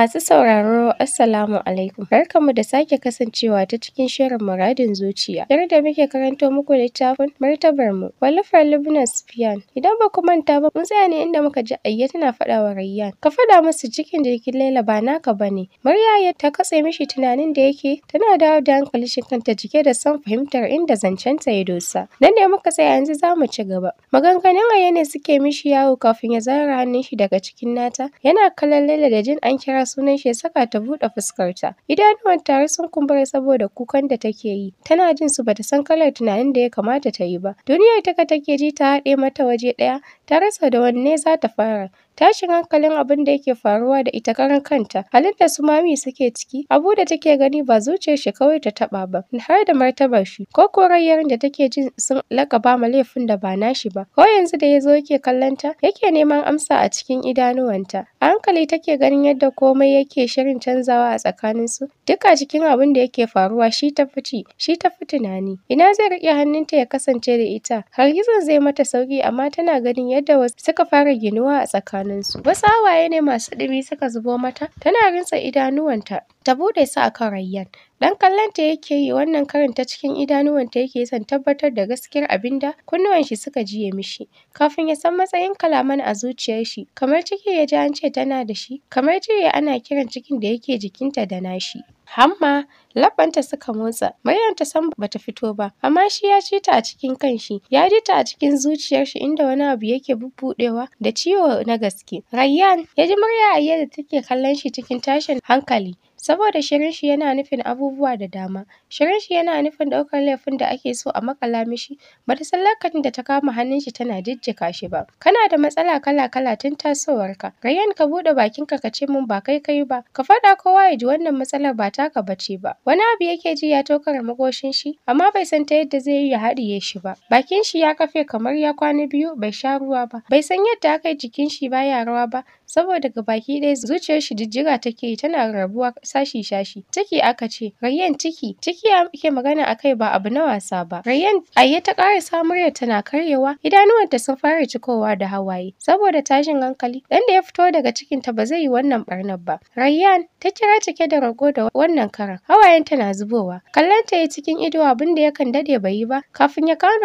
Masu sauraro Assalamu alaikum. Barkanmu da sake kasancewa ta cikin shirin muradin zuciya. Yar da muke karanto muku littafin martabar mu wallafar Lubna Sufyan. Idan ba ku manta ba mun tsaya ne inda muka ji Ayya tana faɗa wa Rayyan. Ka faɗa musu cikin jirgin Laila ba naka ba bane. ya ta katse mishi tunanin da yake tana dawo da hankali shi kanta jike da son fahimtar inda zancenta ya dosa. Nan ne muka tsaya yanzu za mu ci gaba. Maganganun Ayya ne suke mishi yawo kafin ya zara hannun shi daga cikin nata. Yana kallon Laila da jin an kira sunan shi ya saka ta buɗe fuskarta. Idanuwan tare sun kumbura saboda kukan da take yi. Tana jin su bata san kalar tunanin da ya kamata ta yi ba. Duniyar taka take ji ta haɗe mata waje ɗaya, ta rasa da wanne za ta fara. tashin hankalin abin da yake faruwa da ita karan kanta halin da su Mami suke ciki abu da take gani ba zuciyar shi kawai ta taɓa ba har da martabar shi ko korayyar da take jin sun lakaba ma laifin da ba nashi ba ko yanzu da yazo yake kallon ta yake neman amsa a cikin idanuwanta a hankali take ganin yadda komai yake shirin canzawa a tsakanin su duk a cikin abin da yake faruwa shi ta fici shi ta fi tunani ina zai riƙe hannunta ya kasance da ita Har hargitsin zai mata sauki amma tana ganin yadda wasu suka fara ginuwa a tsakanin hannunsu wasu hawaye ne masu ɗumi suka zubo mata tana rintsa idanuwanta ta buɗe su akan Rayyan dan kallonta yake yi wannan karin ta cikin idanuwanta yake son tabbatar da gaskiyar abinda kunnuwan shi suka jiye mishi kafin ya san matsayin kalaman a zuciyar shi kamar ciki ya ji an ce tana da shi kamar jiya ana kiran cikin da yake jikinta da nashi hamma labbanta suka motsa Maryam ta san bata fito ba amma shi ya ji ta a cikin kanshi ya ji ta a cikin zuciyar shi inda wani abu yake bubbudewa da ciwo na gaske Rayyan ya ji murya a yadda take kallon shi cikin tashin hankali saboda shirin shi yana nufin abubuwa da dama Shirin shi yana nufin ɗaukar laifin da ake so a maƙala mishi, ba ta san lokacin da ta kama hannun shi tana jijjiga shi ba. Kana da matsala kala-kala tun tasowarka. Rayyan ka buɗe bakinka ka ce min ba kai kai ba. Ka faɗa kowa ya ji wannan matsalar ba taka ba ce ba. Wani abu yake ji ya tokare maƙoshin shi, amma bai san ta yadda zai yi ya haɗiye shi ba. Bakin shi ya kafe kamar ya kwana biyu bai sha ruwa ba. Bai san yadda aka yi jikin shi baya rawa ba, saboda ga baki ɗaya zuciyar shi jijjiga take yi tana rabuwa sashi-sashi. Ciki aka ce, Rayyan ciki, ciki Nakiya ke magana a kai ba abu na wasa ba. Rayyan ayye ta ƙara da tana karyewa, idanuwanta sun fara cikowa da hawaye saboda tashin hankali. Dan da ya fito daga cikinta ba zai yi wannan barnar ba. Rayyan ta kira cike da rago da wannan karan. Hawayenta na zubowa. Kallon ta ya cikin ido abin da yakan dade bai yi ba kafin ya kawo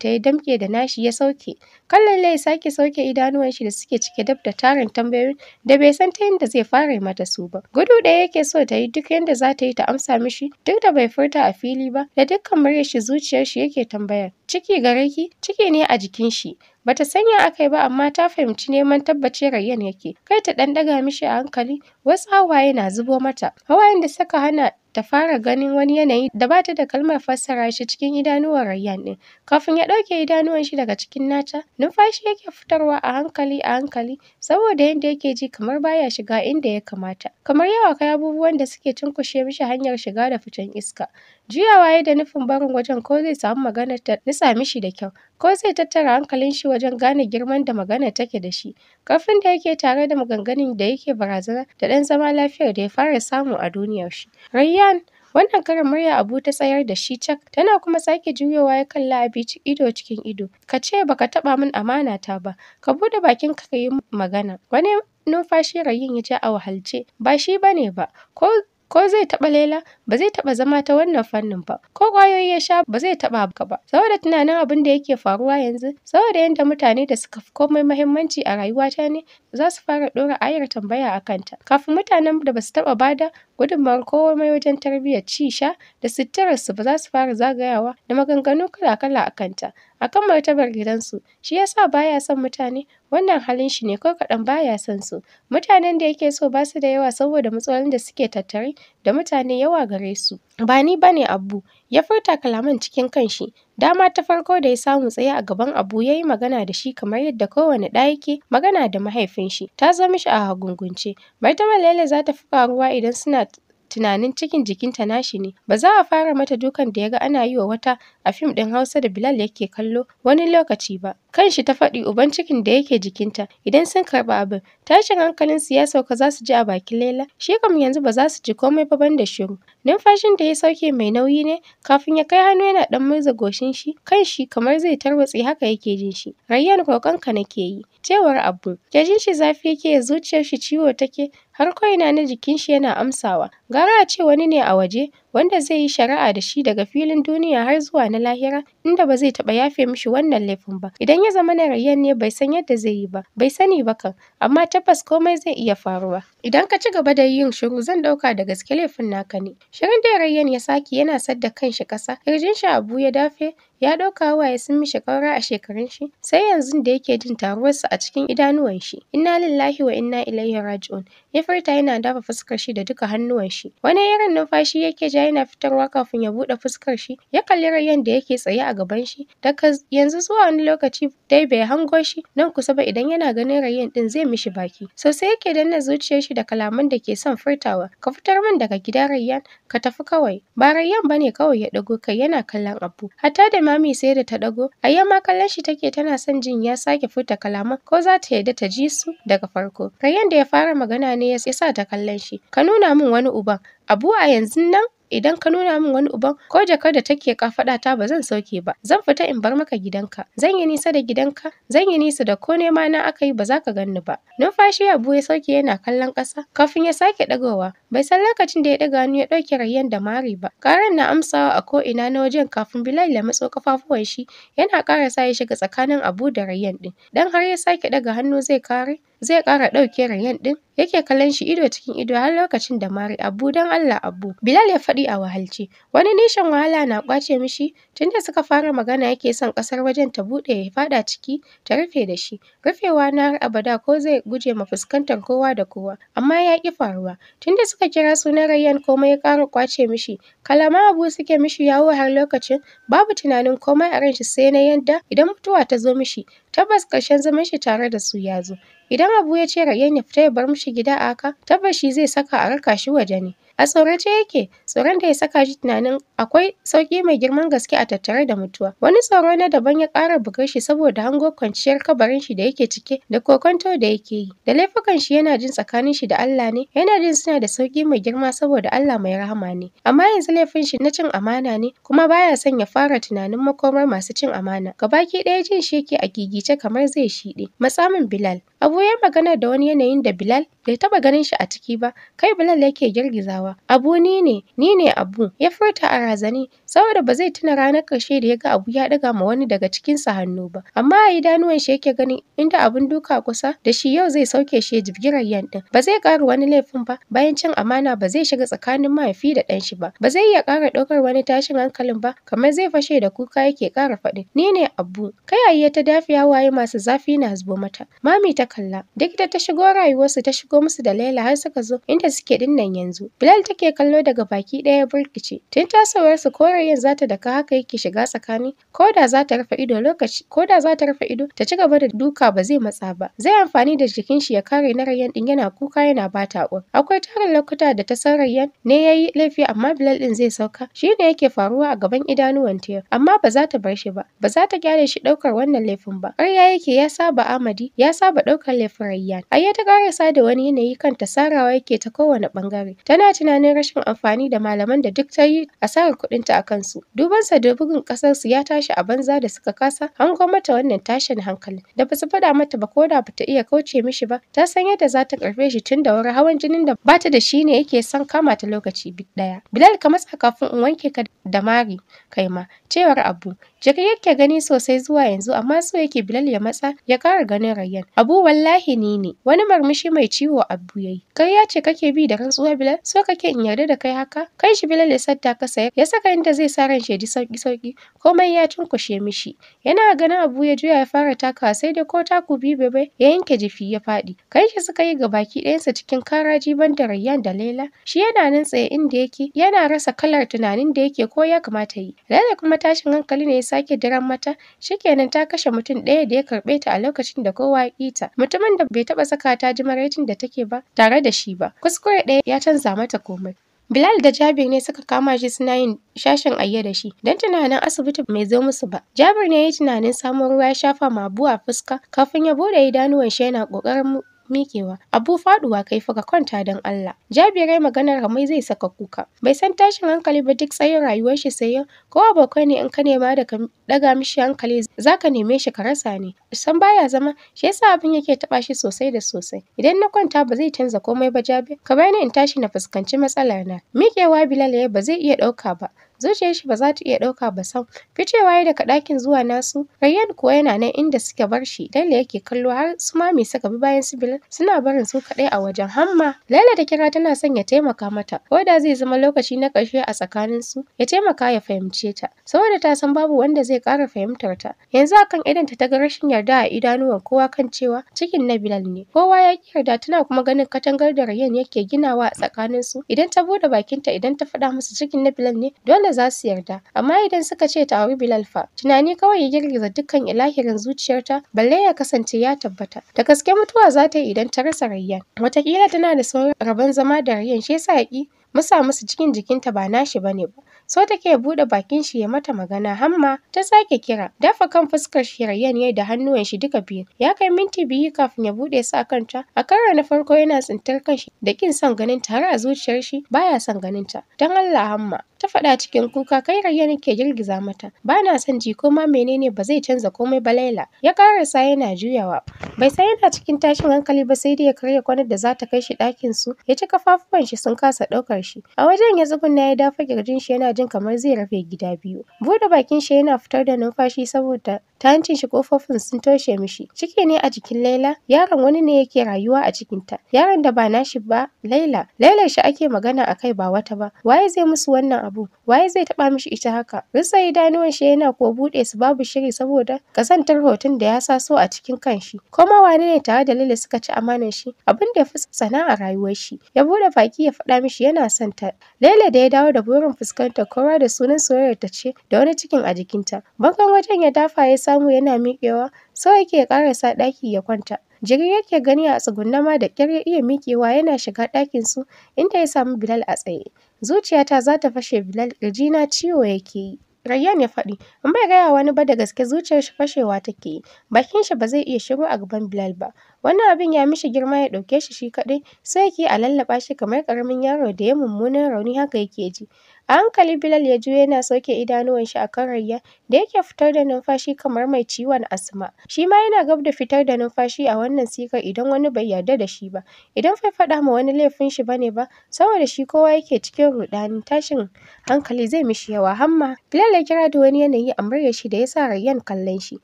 ta ya damƙe da nashi ya sauke. Kallon lai sake sauke idanuwan shi da suke cike dab da tarin tambayoyin da bai san ta yadda zai fara mata su ba. Gudu ɗaya yake so ta yi duk yadda za ta yi ta amsa mishi duk da bai furta a fili ba da dukkan muryar shi zuciyar shi yake tambayar ciki gare ki ciki ne a jikin shi bata sanya akai ba amma ta fahimci neman tabbaci Rayyan yake kai ta dan daga mishi a hankali wasu hawaye na zubo mata hawayen da suka hana ta fara ganin wani yanayi da ba ta da kalmar fassara shi cikin idanuwan Rayyan ɗin. Kafin ya ɗauke idanuwan shi daga cikin nata, numfashi yake fitarwa a hankali a hankali saboda yadda yake ji kamar baya shiga inda ya kamata. Kamar yawa kai abubuwan da suke cunkushe mishi hanyar shiga da fitan iska. Juyawa ya da nufin barin wajen ko zai samu maganar ta nutsa mishi da kyau. ko zai tattara hankalin shi wajen gane girman da magana take da shi ƙarfin da yake tare da maganganun da yake barazana da ɗan zama lafiyar da ya fara samu a duniyar shi Rayyan Wannan karin murya Abu ta tsayar da shi cak, tana kuma sake juyowa ya kalla abi ido cikin ido. Ka ce baka taɓa min amana ta ba, ka buɗe bakin ka yi magana. Wani numfashi Rayyan ya ja a wahalce, ba shi bane ba, ko ko zai taɓa lela, ba zai taɓa zama ta wannan fannin ba ko ƙwayoyi ya sha ba zai taɓa haka ba saboda tunanin abin da yake faruwa yanzu saboda yadda mutane da suka fi komai mahimmanci a rayuwata ne za su fara ɗora ayar tambaya a kanta kafin mutanen da ba su taɓa bada gudunmawar komai wajen tarbiyyar ci sha da su ba za su fara zagayawa da maganganu kala-kala a kanta akan martabar gidansu shi yasa baya son mutane Wannan halin shi ne ko kaɗan ba ya son su. Mutanen da yake so ba su da yawa saboda matsalolin da suke tattare da mutane yawa gare su. Ba ni ba ne Abu, ya furta kalaman cikin kanshi. Dama ta farko da ya samu tsaye a gaban Abu ya yi magana da shi kamar yadda kowane ɗa yake magana da mahaifin shi. Ta zama mishi a hagungunce. Martaban Laila za ta fi ƙaruwa idan suna tunanin cikin jikinta nashi ne ba za a fara mata dukan da ya ga ana yi wa wata a fim ɗin Hausa da Bilal yake kallo wani lokaci ba kanshi ta faɗi uban cikin da yake jikinta idan sun karɓi abin tashin hankalinsu ya sauka za su ji a bakin Laila shi kam yanzu ba za su ji komai ba banda shiru numfashin da ya sauke mai nauyi ne kafin ya kai hannu yana ɗan murza goshin shi kanshi kamar zai tarwatse haka yake jin shi Rayyan ka nake yi cewar abu. kirjin shi zafi yake ya zuciyar shi ciwo take har ko'ina na jikin shi yana amsawa gara a ce wani ne a waje wanda zai yi shari'a da shi daga filin duniya har zuwa na lahira inda ba zai taɓa yafe mishi wannan laifin ba idan ya zama na ne bai san yadda zai yi ba bai sani ba kan amma tabbas komai zai iya faruwa idan ka ci gaba da yin shiru zan ɗauka da gaske laifin naka ne shirin da ya sake yana da kanshi ƙasa ƙirjin shi a ya dafe Ya ɗauka hawaye sun mishi ƙaura a shekarun shi, sai yanzu da yake jin taruwarsa a cikin idanuwan shi. Inna lillahi wa inna ilaihi raji'un. Ya furta yana dafa fuskar shi da duka hannuwan shi. Wani irin numfashi yake ja yana fitarwa kafin ya buɗe fuskar shi. Ya kalli Rayyan da yake tsaye a gaban shi. Daga yanzu zuwa wani lokaci dai bai hango shi nan kusa ba idan yana ganin Rayyan ɗin zai mishi baki. Sosai yake danna zuciyar shi da kalaman da ke son furtawa. Ka fitar min daga gida Rayyan, ka tafi kawai. Ba Rayyan bane kawai ya ɗago kai yana kallon Abu. Hatta da mami sai da ta ɗago. Ayya ma kallon shi take tana son jin ya sake furta kalaman ko za ta yarda ta ji su daga farko. kai da ya fara magana ne ya sa ta kallon shi. Ka nuna min wani uban. Abu a yanzu nan idan ka nuna min wani uban ko jakar da take kafaɗa ta ba zan sauke ba zan fita in bar maka gidanka zan yi nisa da gidanka zan yi nisa da ko nema na aka yi ba za ka ganni ba numfashi abu ya sauke yana kallon ƙasa kafin ya sake ɗagowa Bai san lokacin da ya ɗaga hannu ya ɗauke rayyan da mari ba. Karan na amsawa a ko'ina na wajen kafin Bilal ya matso kafafuwan shi yana ƙara sa ya shiga tsakanin Abu da rayyan ɗin. Dan har ya sake ɗaga hannu zai kare zai ƙara ɗauke rayyan ɗin yake kallon shi ido cikin ido har lokacin da mari Abu dan Allah Abu. Bilal ya faɗi a wahalce. Wani nishan wahala na ƙwace mishi tun tunda suka fara magana yake son ƙasar wajen ta buɗe ya faɗa ciki ta rufe da shi. Rufewa na har abada ko zai guje ma fuskantar kowa da kowa amma ya ƙi faruwa. da suka suka kira sunan Rayyan komai ya ƙara ƙwace mishi. Kalaman abu suke mishi yawo har lokacin babu tunanin komai a ranshi sai na yadda idan mutuwa ta zo mishi tabbas ƙarshen zaman shi tare da su ya zo. Idan Habu ya ce Rayyan ya fita ya bar mishi gida a haka tabbas shi zai saka a raka shi waje ne. A tsorace yake, tsoron da ya saka shi tunanin akwai sauki mai girman gaske a tattare da mutuwa. Wani tsoro na daban ya ƙara bugar shi saboda hango kwanciyar kabarin shi da yake cike da kokonto da yake yi. Da laifukan shi yana jin tsakanin shi da Allah ne, yana jin suna da sauki mai girma saboda Allah mai rahama ne. Amma yanzu laifin shi na cin amana ne, kuma baya son ya fara tunanin makomar masu cin amana. Gaba Gabaki ɗaya jin shi yake a gigice kamar zai shiɗe. Matsamin Bilal. Abu ya magana da wani yanayin da Bilal bai taɓa ganin shi a ciki ba, kai Bilal yake girgizawa. cewa Abu ni ne, ni ne Abu ya furta a razane saboda ba zai tuna ranar karshe da ya ga Abu ya ɗaga ma wani daga cikin sa hannu ba amma a idanuwan shi yake ganin inda abun duka kusa da shi yau zai sauke shi ya jibgi yan ɗin ba zai ƙara wani laifin ba bayan cin amana ba zai shiga tsakanin mahaifi da ɗan shi ba ba zai iya ƙara ɗaukar wani tashin hankalin ba kamar zai fashe da kuka yake ƙara faɗi ni ne Abu kai ayya ta dafiya waye masu zafi na zubo mata mami ta kalla duk da ta shigo rayuwarsu ta shigo musu da Laila har suka zo inda suke dinnan yanzu Bilal Bilal take kallo daga baki ɗaya ya burkice. Tun tasowarsu korayen za ta daka haka yake shiga tsakani ko da za ta rufe ido lokaci ko da ta rufe ido ta ci gaba da duka ba zai matsa ba. Zai amfani da jikin shi ya kare na Rayyan din yana kuka yana bata uwa. Akwai tarin lokuta da ta san Rayyan ne yayi laifi amma Bilal ɗin zai sauka shi ne yake faruwa a gaban idanuwan ta amma ba za ta bar shi ba ba za ta kyale shi ɗaukar wannan laifin ba. Ƙarya yake ya saba Amadi ya saba ɗaukar laifin Rayyan. Ai ta ƙarasa da wani yanayi kanta sarawa yake ta kowane ɓangare. Tana tunanin rashin amfani da malaman da duk ta yi asarar kuɗinta a kansu. Dubansa da bugun ƙasarsu ya tashi a banza da suka kasa hango mata wannan tashin hankali. Da basu faɗa mata ba ko da bata iya kauce mishi ba, ta san yadda za ta karɓe shi tun da wuri hawan jinin da bata da shi ne yake son kama ta lokaci ɗaya. Bilal ka matsa kafin in wanke ka da mari kai ma, cewar Abu. Jaka yake gani sosai zuwa yanzu amma so yake Bilal ya matsa ya ƙara ganin Rayyan. Abu wallahi ni ne. Wani murmushi mai ciwo Abu ya yi. Ƙarya ce kake bi da rantsuwa Bilal? So kake in yarda da kai haka kai shi bilal ya sadda kasa ya saka inda zai sa ran shaidi sauki sauki komai ya cinkushe mishi yana ganin abu ya juya ya fara takawa sai dai ko taku biyu bai ya yanke jifi ya faɗi kai shi suka yi gabaki ɗayansa cikin karaji ban da rayyan da laila shi yana nan tsaye inda yake yana rasa kalar tunanin da yake ko ya kamata yi laila kuma tashin hankali ne ya sake daren mata shikenan ta kashe mutum ɗaya da ya karɓe ta a lokacin da kowa ya ƙi ta mutumin da bai taɓa saka ta ji maraicin da take ba tare da shi ba kuskure ɗaya ya canza mata komai. Bilal da Jabir ne suka kama shi suna yin shashin ayya da shi don tunanin asibiti bai zo musu ba. Jabir ne ya yi tunanin samo ruwa ya shafa ma Abu a fuska kafin ya bude idanuwan shi yana kokarin mikewa abu faduwa kai fa ka kwanta don Allah jabirai maganar ramai zai saka kuka bai san tashin hankali ba duk tsayin rayuwar shi sai yau ko abokai ne in ka nema da ka daga mishi hankali za ka neme shi ka rasa ne san baya zama shi yasa abin yake taba shi sosai da sosai idan na kwanta ba zai canza komai ba jabi ka bani in tashi na fuskanci matsalar na mikewa bilal ya ba zai iya dauka ba zuciyar shi ba za ta iya ɗauka ba sam ficewa ya daga ɗakin zuwa nasu Rayyan kuwa yana nan inda suke bar shi Laila yake kallo har su me suka bi bayan su bil suna barin su kaɗai a wajen hamma Laila ta kira tana son ya taimaka mata ko da zai zama lokaci na ƙarshe a tsakanin su ya taimaka ya fahimce ta saboda ta san babu wanda zai ƙara fahimtar ta yanzu akan idan ta ga rashin yarda a idanuwan kowa kan cewa cikin na Bilal ne kowa ya ki yarda tana kuma ganin katangar da Rayyan yake ginawa a tsakanin su idan ta bude bakinta idan ta faɗa musu cikin na Bilal ne dole dole za su yarda amma idan suka ce ta auri Bilal fa tunani kawai ya girgiza dukkan ilahirin zuciyarta balle ya kasance ya tabbata da gaske mutuwa za ta yi idan ta rasa Rayyan watakila tana da sauran rabon zama da Rayyan shi yasa ki musa musu cikin jikinta ba nashi bane ba so take buɗe bakin shi ya mata magana hamma ta sake kira dafa kan fuskar shi Rayyan yayi da hannuwan shi duka biyu ya kai minti biyu kafin ya buɗe su kanta a karo na farko yana tsintar kanshi da kin son ganin ta har a zuciyar shi baya son ganin ta dan Allah hamma ta faɗa cikin kuka kai rayya nake girgiza mata ba na son ji ko ma menene ba zai canza komai ba laila ya karasa yana juyawa bai san yana cikin tashin hankali ba sai dai ya karya kwanar da za ta kai shi ɗakin su ya ci kafafuwan shi sun kasa ɗaukar shi a wajen ya tsugunna ya dafa kirjin shi yana jin kamar zai rufe gida biyu buɗe bakin shi yana fitar da numfashi saboda ta hancin shi ƙofofin sun toshe mishi ciki ne a jikin laila yaron wani ne yake rayuwa a cikinta yaron da ba nashi ba laila lailar shi ake magana akai ba wata ba waye zai musu wannan abu waye zai taba mishi ita haka rinsa idanuwan shi yana ko bude su babu shiri saboda kasantar hoton da ya saso a cikin kanshi kuma wani ne tare da Lalle suka ci amanar shi abin da ya fi sana'a, rayuwar shi ya bude baki ya faɗa mishi yana son ta lalle da ya dawo da burin fuskantar kowa da sunan soyayyar ta ce da wani cikin a jikinta bakan wajen ya dafa ya samu yana miƙewa sau yake ya ƙarasa ɗaki ya kwanta Jiri yake gani a tsugunne ma da ƙyar ya iya miƙewa yana shiga ɗakin su inda ya samu Bilal a tsaye. Zuciyata za ta fashe Bilal ƙirjina ciwo yake yi. Rayyan ya faɗi, in bai gaya wani ba da gaske zuciyar shi fashewa take yi, bakin shi ba zai iya shigo a gaban Bilal ba. Wannan abin ya mishi girma ya ɗauke shi shi kaɗai, sai yake a lallaɓa shi kamar ƙaramin yaro da ya mummunan rauni haka yake ji. A hankali Bilal ya juyo yana sauke idanuwan shi akan Rayya da yake fitar da numfashi kamar mai ciwon asma. Shi ma yana gab da fitar da numfashi a wannan sigar idan wani bai yarda da shi ba. Idan bai faɗa ma wani laifin shi bane ba, saboda shi kowa yake cikin ruɗani, tashin hankali zai mishi yawa hamma. Bilal ya kira da wani yanayi a muryar shi da yasa sa Rayyan kallon shi.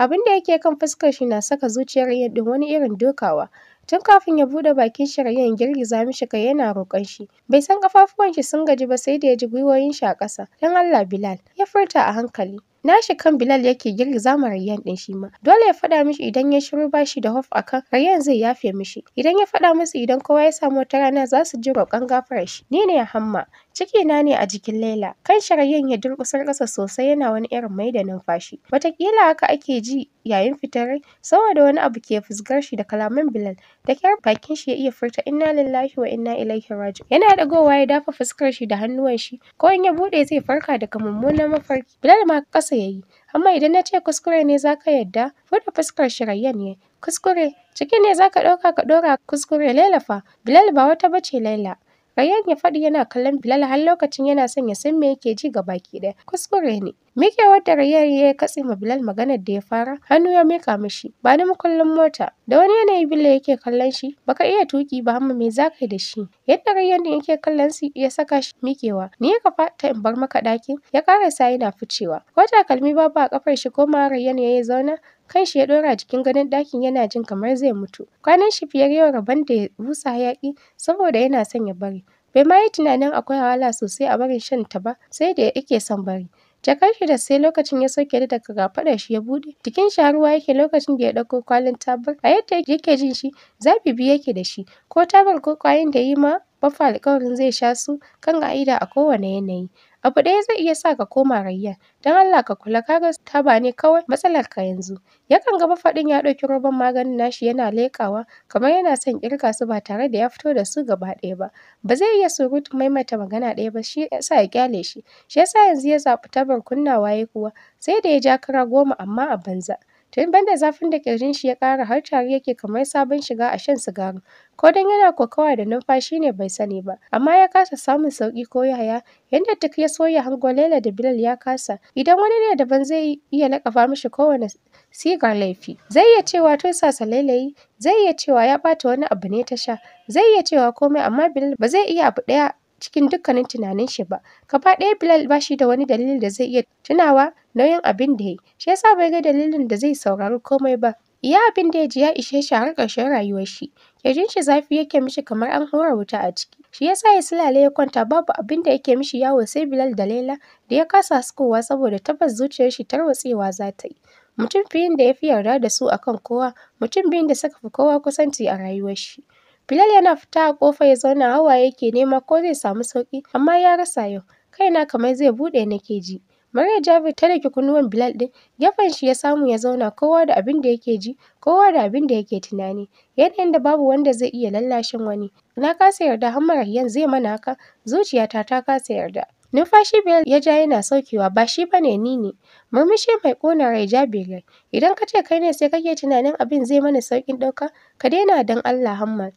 Abin da yake kan fuskar shi na saka zuciyar Rayyan ɗin wani irin dokawa. Tun kafin ya buɗe bakin shiryen girgiza mishi kai yana roƙon shi. Bai san ƙafafuwan shi sun gaji ba sai da ya ji gwiwoyin shi a ƙasa. Don Allah Bilal, ya furta a hankali. Nashi kan Bilal yake girgiza ma Rayyan ɗin shi ma. Dole ya faɗa mishi idan ya shiru ba da hof a kan Rayyan zai yafe mishi. Idan ya faɗa musu idan kowa ya samu wata rana za su ji roƙon gafarar shi. Ni ne Hamma. Ciki na ne a jikin Laila. Kan Rayyan ya durƙusar ƙasa sosai yana wani irin mai da numfashi. Wataƙila haka ake ji yayin fitar saboda wani abu ke fusgar shi da kalaman Bilal. Da kyar bakin shi ya iya furta inna lillahi wa inna ilaihi raji'un. Yana dagowa ya dafa fuskar shi da hannuwan shi ko in ya buɗe zai farka daga mummunan mafarki. Bilal ma ƙasa masa ya yi. Amma idan na ce kuskure ne za ka yadda, buɗe fuskar shi ne. Kuskure, ciki ne za ka ɗauka ka ɗora kuskure lailafa Bilal ba wata ba ce Laila. Rayyan ya faɗi yana kallon Bilal har lokacin yana son ya san me yake ji ga baki ɗaya. Kuskure ne. Mike da Rayyan ya katse ma Bilal maganar da ya fara, hannu ya mika mishi, ba ni makullin mota. Da wani yanayi Bilal yake kallon shi, baka iya tuki ba amma me za ka da shi. Yadda rayan din yake kallon shi ya saka shi mikewa, ni ka fata in bar maka ɗakin, ya karasa yana ficewa. Ko takalmi babu a kafar shi ko ma Rayyan ya zauna, shi ya ɗora jikin gadon ɗakin yana jin kamar zai mutu. Kwanan shi biyar yau rabon da ya busa hayaƙi saboda yana son ya bari. Bai ma yi tunanin akwai wahala sosai a barin shan ta ba sai da yake son bari. Jakar shi da sai lokacin ya sauke da daga kafaɗar shi ya buɗe. Jikin shi har ruwa yake lokacin da ya ɗauko kwalin tabar. A yadda yake jin shi zafi biyu yake da shi ko tabar ko kwayoyin da ya yi ma fa alƙawarin zai sha su kan ƙa'ida a kowane yanayi. Abu ɗaya zai iya sa ka koma rayyan don Allah ka kula ka ga taba ne kawai Matsalar ka yanzu. Yakan ga mafaɗin ya ɗauki roban maganin nashi yana leƙawa kamar yana son ƙirga su ba tare da ya fito da su gaba ɗaya ba. Ba zai iya surutun maimaita magana ɗaya ba shi ya sa ya ƙyale shi, shi ya sa yanzu ya zaɓi tabar kunnawa ya yi kuwa, sai da ya ja kara goma amma a banza. Tun banda zafin da ƙirjin shi ya ƙara har tari yake kamar sabon shiga a shan sigari, Ko don yana kokawa da numfashi ne bai sani ba, amma ya kasa samun sauƙi ko yaya. Yanda duk ya soya hango Laila da Bilal ya kasa. Idan wani ne daban zai iya laƙaba mishi kowane sigar laifi. Zai iya cewa sasa Laila yi, zai iya cewa ya ɓata wani abu ne ta sha, zai iya cewa komai amma Bilal ba zai iya abu ɗaya cikin dukkanin tunanin shi ba. Gaba ɗaya Bilal ba shi da wani dalilin da zai iya tunawa nauyin abin da ya yi, shi ya sa bai ga dalilin da zai saurari komai ba. Iya abin da ya ji ya ishe shi har ƙarshen rayuwar shi. Ƙirjin shi zafi yake mishi kamar an hura wuta a ciki. Shi ya sa ya silale ya kwanta babu abin da yake mishi yawo sai Bilal da Laila da ya kasa sukowa saboda tabbas zuciyar shi tarwatsewa za ta yi. Mutum biyun da ya fi yarda da su akan kowa, mutum biyun da suka fi kowa kusanci a rayuwar shi. Bilal yana fita a ƙofa ya zauna hawaye yake nema ko zai samu sauƙi amma ya rasa yau. Kaina kamar zai buɗe nake ji. Maryam Jabir ta daki kunnuwan Bilal ɗin, gefen shi ya samu ya zauna kowa da abin da yake ji, kowa da abin da yake tunani. Yanayin da babu wanda zai iya lallashin wani. Na kasa yarda har Rayyan zai mana haka, zuciyata ta kasa yarda. Numfashi Bilal ya ja yana saukewa ba shi bane ni ne. Murmushi mai ƙona rai Jabir Idan ka ce kai ne sai kake tunanin abin zai mana sauƙin ɗauka, ka daina dan Allah hammad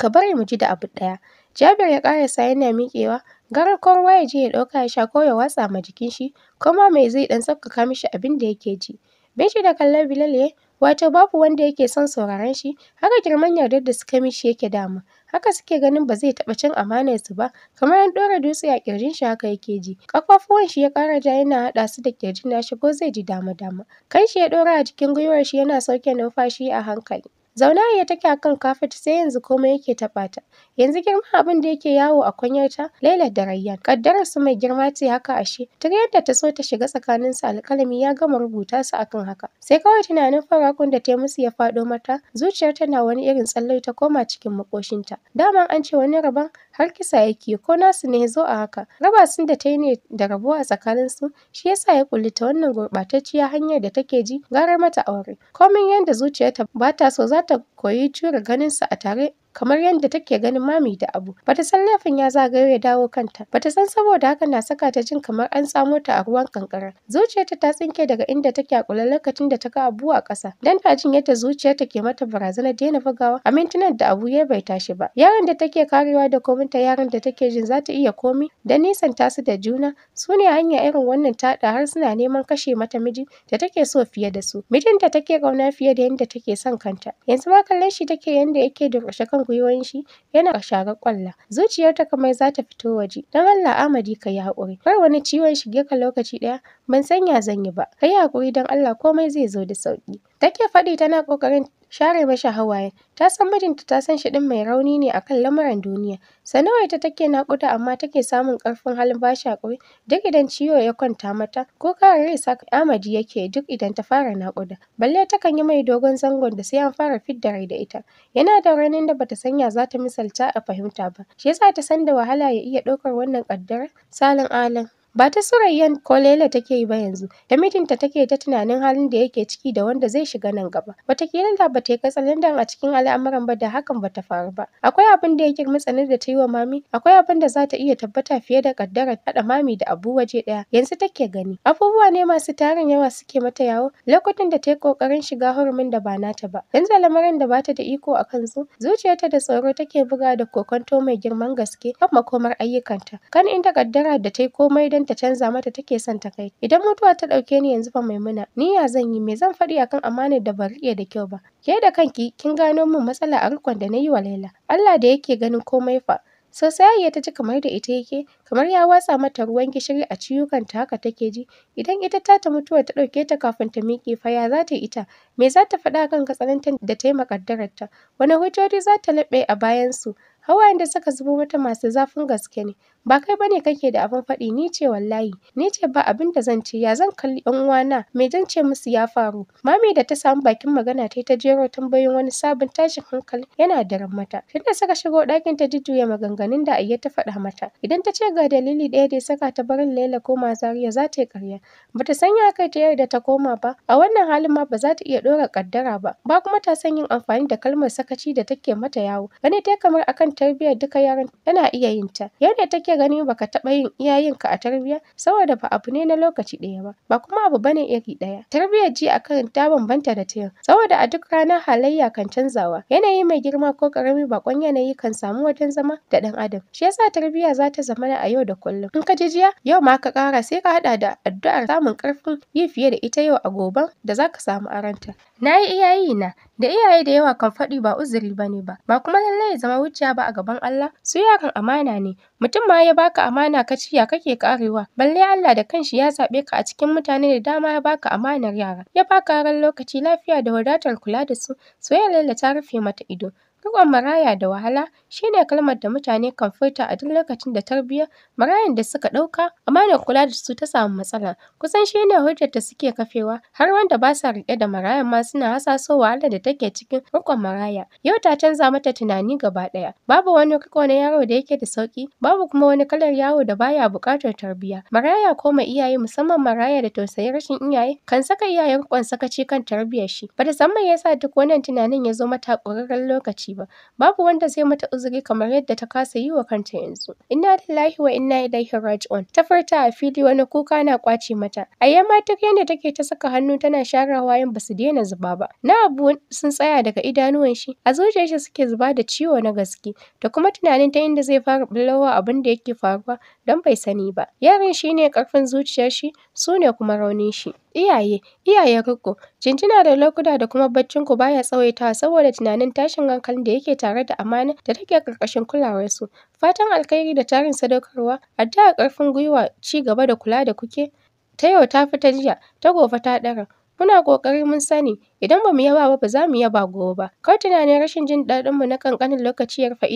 ka bari mu ji da abu ɗaya Jabir ya ƙarasa yana miƙewa gara kowa ya je ya ɗauka ya sha ko ya watsa ma jikin shi ko ma mai zai ɗan sauƙaƙa mishi abin da yake ji Binshi da kallon Bilal ya wato babu wanda yake son sauraron shi haka girman yardar da suka mishi yake dama haka suke ganin ba zai taɓa cin amanar su ba kamar an ɗora dutse a ƙirjin shi haka yake ji ƙafafuwan shi ya ƙara ja yana haɗa su da ƙirjin nashi ko zai ji dama dama kan shi ya ɗora a jikin gwiwar shi yana sauke numfashi a hankali ya take a kan kafet sai yanzu komai yake taɓa ta. Yanzu girman abin da yake yawo a kwanyarta Laila da Rayyan. su mai girma ce haka ashe. Tun yadda ta so ta shiga tsakanin su alƙalami ya gama rubuta su akan haka. Sai kawai tunanin farakon da ta musu ya faɗo mata zuciyar tana wani irin tsalle ta koma cikin maƙoshinta. Daman an ce wani rabon har kisa yake ko nasu ne ya zo a haka raba sun da ta yi ne da rabo a tsakaninsu shi yasa ya ta wannan gurɓatacciya hanyar da take ji garar mata aure komin yanda zuciyarta ba ta so za ta koyi jure su a tare kamar yadda take ganin mami da abu bata san laifin ya zagayo ya dawo kanta bata san saboda haka na saka ta jin kamar an samo ta a ruwan kankara zuciyarta ta tsinke daga inda take a kula lokacin da ta ga abu a ƙasa dan ta jin yadda zuciyarta ke mata barazanar daina bugawa a mintunan da abu ya bai tashi ba yaron da take karewa da ta yaron da take jin za ta iya komi da nisan su da juna su ne hanya irin wannan taɗa har suna neman kashe mata miji da take so fiye da su Mijinta take ƙauna fiye da yadda take son kanta yanzu ma kallon shi take yanda yake durƙushe kan gwiwan shi yana sharar ƙwalla zuciyarta kamar za ta fito waje don Allah Amadi ka yi haƙuri kar wani ciwon shige ka lokaci ɗaya ban san ya zan yi ba kayi haƙuri don Allah komai zai zo da sauƙi take faɗi tana ƙoƙarin share mashi hawaye. Ta san mijinta ta san shi ɗin mai rauni ne a kan lamuran duniya. Sana'ar ta take naƙuda amma take samun ƙarfin halin ba shi haƙuri. Duk idan ciwo ya kwanta mata ko ƙara rai sak amadi yake duk idan ta fara naƙuda. Balle takan yi mai dogon zangon da sai an fara fidda rai da ita. Yana da raunin da bata sanya ya za ta misalta a fahimta ba. Shi yasa ta san da wahala ya iya ɗaukar wannan ƙaddarar salin alin. ba ta Surayyan Kolele take yi ba yanzu, da mijinta take ta tunanin halin da yake ciki da wanda zai shiga nan gaba. Wataƙila da ba ta yi katsalandan a cikin al'amuran ba da hakan ba ta faru ba. Akwai abin da ya girmi tsanar da ta yi wa mami, akwai abin da za ta iya tabbata fiye da ƙaddarar haɗa mami da abu waje ɗaya, yanzu take gani. Abubuwa ne masu tarin yawa suke mata yawo, Lokacin da ta yi ƙoƙarin shiga hurumin da ba nata ba. Yanzu lamarin da ba ta da iko a kansu, zuciyarta da tsoro take buga da kokonto mai girman gaske kan makomar ayyukanta, kan inda ƙaddara da ta yi komai don kullum ta canza mata take son ta kai idan mutuwa ta ɗauke ni yanzu fa maimuna ni ya zan yi me zan faɗi akan amanar da ban riƙe da kyau ba ke da kanki kin gano min matsala a rikon da na yi wa Laila Allah da yake ganin komai fa sosai ya ta ji kamar da ita yake kamar ya watsa mata ruwan gishiri a ciyukan ta haka take ji idan ita ta ta mutuwa ta ɗauke ta kafin ta miƙe fa ya za ta ita me za ta faɗa kan katsalantar da ta yi makaddararta wani hujjoji za ta laɓe a bayansu hawayen da suka zubo mata masu zafin gaske ne ba kai bane kake da abin faɗi ni ce wallahi ni ce ba abin da zan ce ya zan kalli yan uwana me zan ce musu ya faru mami da ta samu bakin magana ta ta jero tambayoyin wani sabon tashin hankali yana daren mata tunda suka shigo ɗakin ta jujjuya maganganun da ayyata faɗa mata idan ta ce ga dalili ɗaya da ya saka ta barin laila ko zaria za ta yi ƙarya bata san ya kai ta yarda ta koma ba a wannan halin ma ba za ta iya ɗora ƙaddara ba ba kuma ta san yin amfani da kalmar sakaci da take mata yawo bane ta kamar akan tarbiyyar duka yaran tana iya yin ta yadda take gani baka taɓa yin ka a tarbiyya saboda ba abu ne na lokaci ɗaya ba ba kuma abu bane iri ɗaya tarbiyyar ji akan ta bambanta da ta yau saboda a duk ranar halayya kan canzawa yanayi mai girma ko ƙarami bakon yanayi kan samu wajen zama da ɗan adam shi yasa tarbiyya za ta zama a yau da kullum in ka ji jiya yau ma ka kara. sai ka haɗa da addu'ar samun ƙarfin yi fiye da ita yau a gobe da za ka samu aranta na yi iyayi na da iyaye da yawa kan faɗi ba uzuri bane ba ba kuma lallai ya zama hujja ba a gaban Allah? Su yaran amana ne. Mutum ma ya baka amana ka ci ya kake karewa. Balle Allah da kanshi ya zaɓe ka a cikin mutane da dama ya baka amanar yara. Ya baka ran lokaci lafiya da wadatar kula da su. Soyayyar Laila ta rufe mata ido. Riƙon maraya da wahala shi ne kalmar da mutane kan furta a duk lokacin da tarbiyyar marayan da suka ɗauka amanar kula da su ta samu matsala. Kusan shi ne hujjar da suke kafewa har wanda ba sa riƙe da marayan ma suna hasaso wahalar da take cikin riƙon maraya. Yau ta canza mata tunani gaba ɗaya. Babu wani riƙo na yaro da yake da sauƙi, babu kuma wani kalar yaro da baya buƙatar tarbiyya. Maraya ko mai iyaye musamman maraya da tausayin rashin iyaye kan saka iyaye riƙon sakaci kan tarbiyyar shi. Bata san me sa duk wannan tunanin ya zo mata a ƙurarren lokaci ba babu wanda zai mata uzuri kamar yadda ta kasa yi wa kanta yanzu inna lillahi wa inna ilaihi raji'un ta furta a fili wani kuka na kwace mata A duk yadda take ta saka hannu tana share hawayen basu daina zuba ba na abu sun tsaya daga idanuwan shi a zuciyar shi suke zuba da ciwo na gaske da kuma tunanin ta inda zai fara bullowa abin da yake faruwa don bai sani ba yaron shine karfin zuciyar shi su ne kuma raunin shi. Iyaye, iyayen riƙo, jinjina da lokuta da kuma baccin ku baya tsawaitawa saboda tunanin tashin hankalin da yake tare da amana da take ƙarƙashin su. Fatan alkhairi da tarin sadaukarwa, addu'a ƙarfin gwiwa, ci gaba da kula da kuke. Ta yau ta fi ta jiya, ta gobe ta ɗara. Muna ƙoƙari mun sani, idan ba mu yaba ba ba za mu yaba gobe ba. Kar tunanin rashin jin mu na kankanin lokaci ya rufe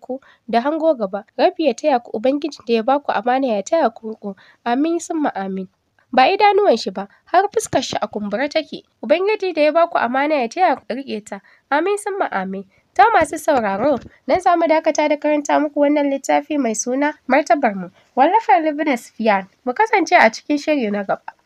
ku da hango gaba. Rabi ya taya ku Ubangiji da ya ba ku amana ya taya ku riƙo. Amin summa amin. ba idanuwan shi ba har fuskar shi a kumbura take ubangiji da ya baku amana ya taya ku riƙe ta amin summa amin ta masu sauraro nan za mu dakata da karanta muku wannan littafi mai suna martabar mu wallafar Libna fiyan mu kasance a cikin shiri na gaba